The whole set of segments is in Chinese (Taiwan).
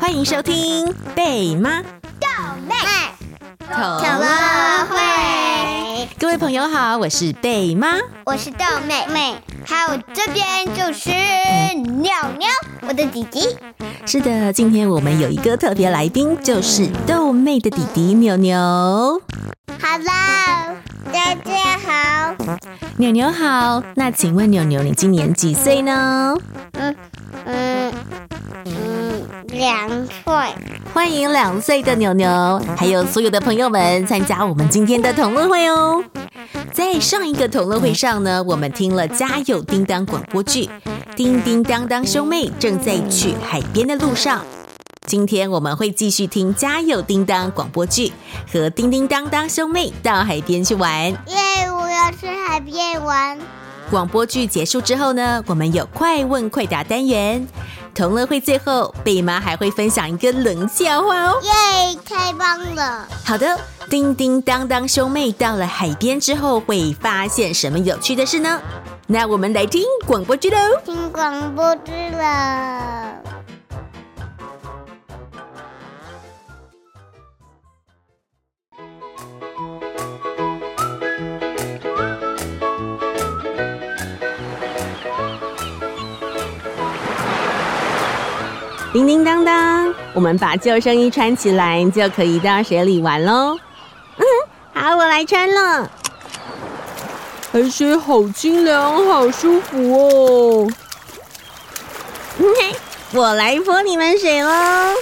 歡迎收聽貝媽豆妹童樂，樂會，各位朋友好，我是貝媽，我是豆妹妹，還有這邊就是妞妞、嗯，我的弟弟。是的，今天我們有一個特別來賓，就是豆妹的弟弟妞妞。妞妞哈嘍，大家好，牛牛好，那請問牛牛你今年幾歲呢？嗯嗯嗯，兩歲。歡迎兩歲的牛牛，還有所有的朋友們參加我們今天的同樂會哦。在上一個同樂會上呢，我們聽了《家有叮當》廣播劇，《叮叮噹噹兄妹》正在去海邊的路上。今天我們會繼續聽《家有叮當》廣播劇，和叮叮當當兄妹到海邊去玩。耶、yeah！我要去海邊玩。廣播劇結束之後呢，我們有快問快答單元，同樂會最後貝媽還會分享一個冷笑話哦。耶、yeah！太棒了。好的，叮叮當當兄妹到了海邊之後會發現什麼有趣的事呢？那我們來聽廣播劇嘍。聽廣播劇了。叮叮噹噹，我們把救生衣穿起來，就可以到水裡玩嘍。嗯，好，我來穿了。海水好清涼，好舒服哦。嗯，嘿，我來潑你們水嘍！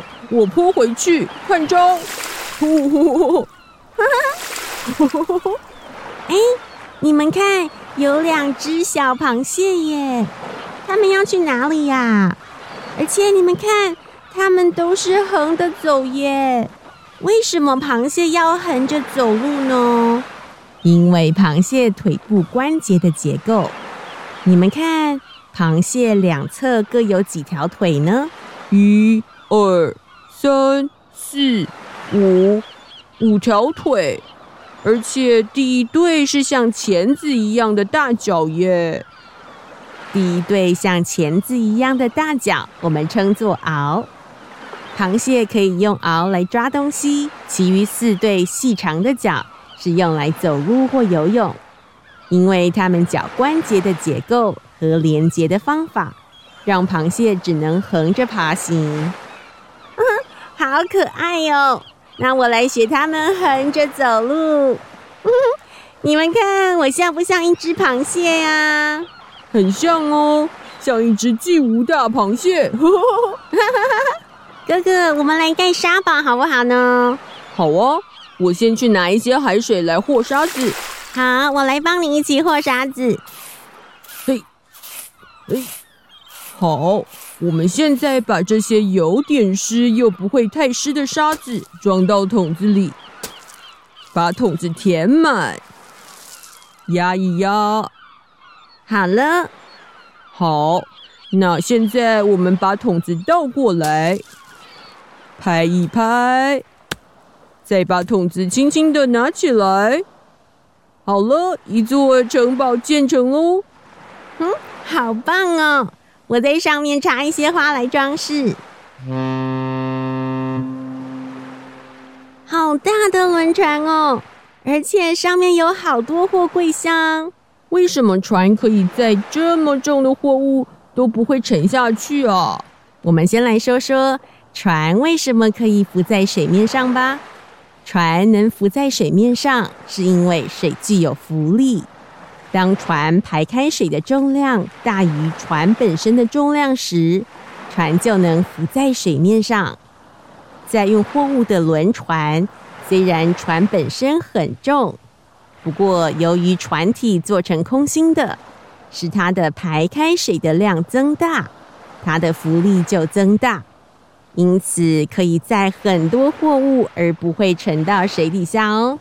哦，我潑回去，看招！ 哎，你們看，有兩隻小螃蟹耶！他們要去哪裡呀、啊？而且你們看，他們都是橫著走耶。為什麼螃蟹要橫着走路呢？因為螃蟹腿部關節的結構。你們看，螃蟹兩側各有幾條腿呢？一、二、三、四、五，五條腿。而且第一對是像鉗子一樣的大腳耶。一對像鉗子一樣的大腳，我們稱作螯。螃蟹可以用螯來抓東西，其餘四對細長的腳是用來走路或游泳。因為它們腳關節的結構和連接的方法，讓螃蟹只能橫着爬行。嗯，好可愛喲、哦！那我來學它們橫着走路。嗯，你們看我像不像一隻螃蟹呀、啊？很像哦，像一隻巨無霸螃蟹。 哥哥，我們來蓋沙堡好不好呢？好啊，我先去拿一些海水來和沙子。好，我來幫你一起和沙子。嘿、哎，哎，好，我們現在把這些有點濕又不會太濕的沙子裝到桶子裡，把桶子填滿，壓一壓。好了，好，那現在我們把桶子倒過來，拍一拍，再把桶子輕輕的拿起來。好了，一座城堡建成嘍！嗯，好棒哦！我在上面插一些花來裝飾。嗯，好大的輪船哦，而且上面有好多貨櫃箱。為什麼船可以載這麼重的貨物都不會沉下去啊？我們先來說說船為什麼可以浮在水面上吧。船能浮在水面上，是因為水具有浮力。當船排開水的重量大於船本身的重量時，船就能浮在水面上。載用貨物的輪船，雖然船本身很重。不過，由於船體做成空心的，使它的排開水的量增大，它的浮力就增大，因此可以載很多貨物而不會沉到水底下哦。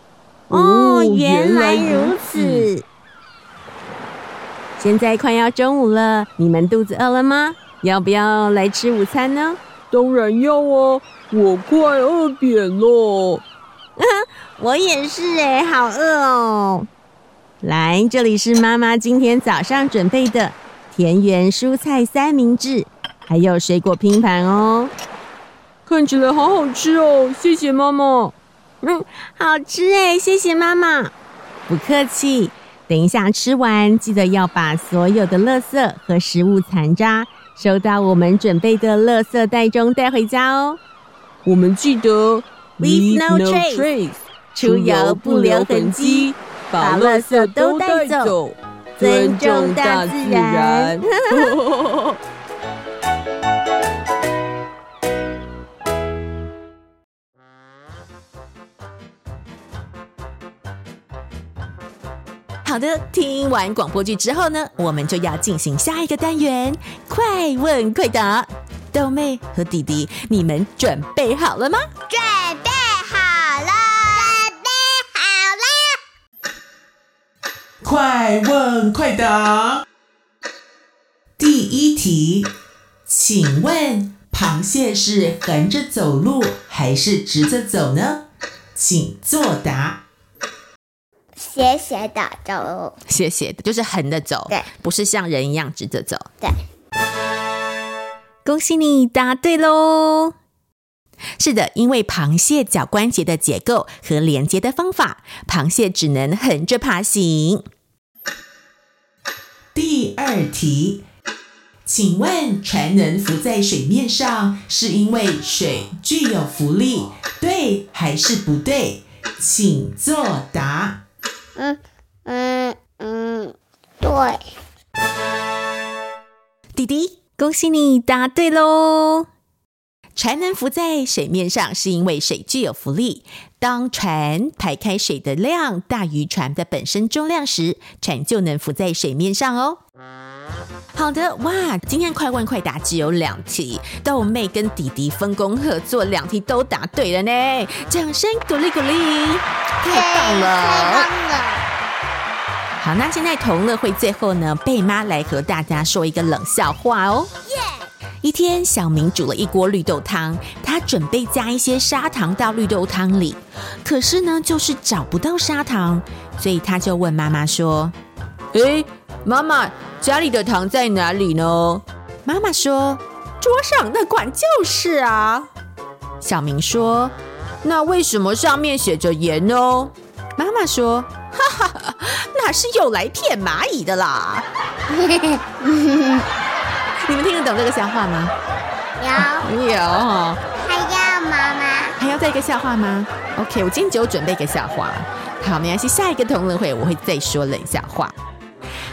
哦，原來如此。哦，原來如此。嗯。現在快要中午了，你們肚子餓了嗎？要不要來吃午餐呢？當然要哦！我快餓扁了。我也是哎，好餓哦！來，這裡是媽媽今天早上準備的田園蔬菜三明治，還有水果拼盤哦。看起來好好吃哦，謝謝媽媽。嗯，好吃哎，謝謝媽媽。不客氣。等一下吃完，記得要把所有的垃圾和食物殘渣收到我們準備的垃圾袋中帶回家哦。我們記得 Leave, leave no, no trace, trace.。出遊不留痕跡，把垃圾都帶走，尊重大自然。 好的，聽完廣播劇之後呢，我們就要進行下一個單元——快問快答。豆妹和弟弟，你們準備好了嗎？快問快答，第一題，請問螃蟹是橫着走路還是直着走呢？請作答。斜斜的走，斜斜的，就是橫的走，對，不是像人一樣直着走，對。恭喜你答對嘍！是的，因為螃蟹腳關節的結構和連接的方法，螃蟹只能橫着爬行。第二題，請問船能浮在水面上，是因為水具有浮力，對還是不對？請作答。嗯嗯嗯，對。弟弟，恭喜你答對嘍！船能浮在水面上，是因為水具有浮力。當船排開水的量大於船的本身重量時，船就能浮在水面上哦。好的，哇，今天快問快答只有兩題，豆妹跟弟弟分工合作，兩題都答對了呢！掌聲鼓勵鼓勵，太棒了，好，那現在同樂會最後呢，貝媽來和大家說一個冷笑話哦。耶！一天，小明煮了一鍋綠豆湯，他準備加一些砂糖到綠豆湯裡，可是呢，就是找不到砂糖，所以他就問媽媽說：“誒、欸，媽媽，家裡的糖在哪裡呢？”媽媽說：“桌上那罐就是啊。”小明說：“那為什麼上面寫着鹽呢？”媽媽說：“哈哈，那是用來騙螞蟻的啦。 ”你們聽得懂這個笑話嗎？有有，還要媽媽？還要再一個笑話嗎？OK，我今天只有準備一個笑話。好，沒關係，下一個同樂會我會再說冷笑話。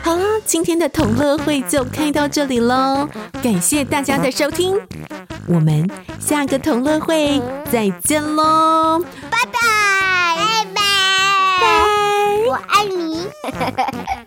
好啦，今天的同樂會就開到這裡嘍，感謝大家的收聽，我們下個同樂會再見嘍，拜拜拜拜，bye bye bye. 我愛你。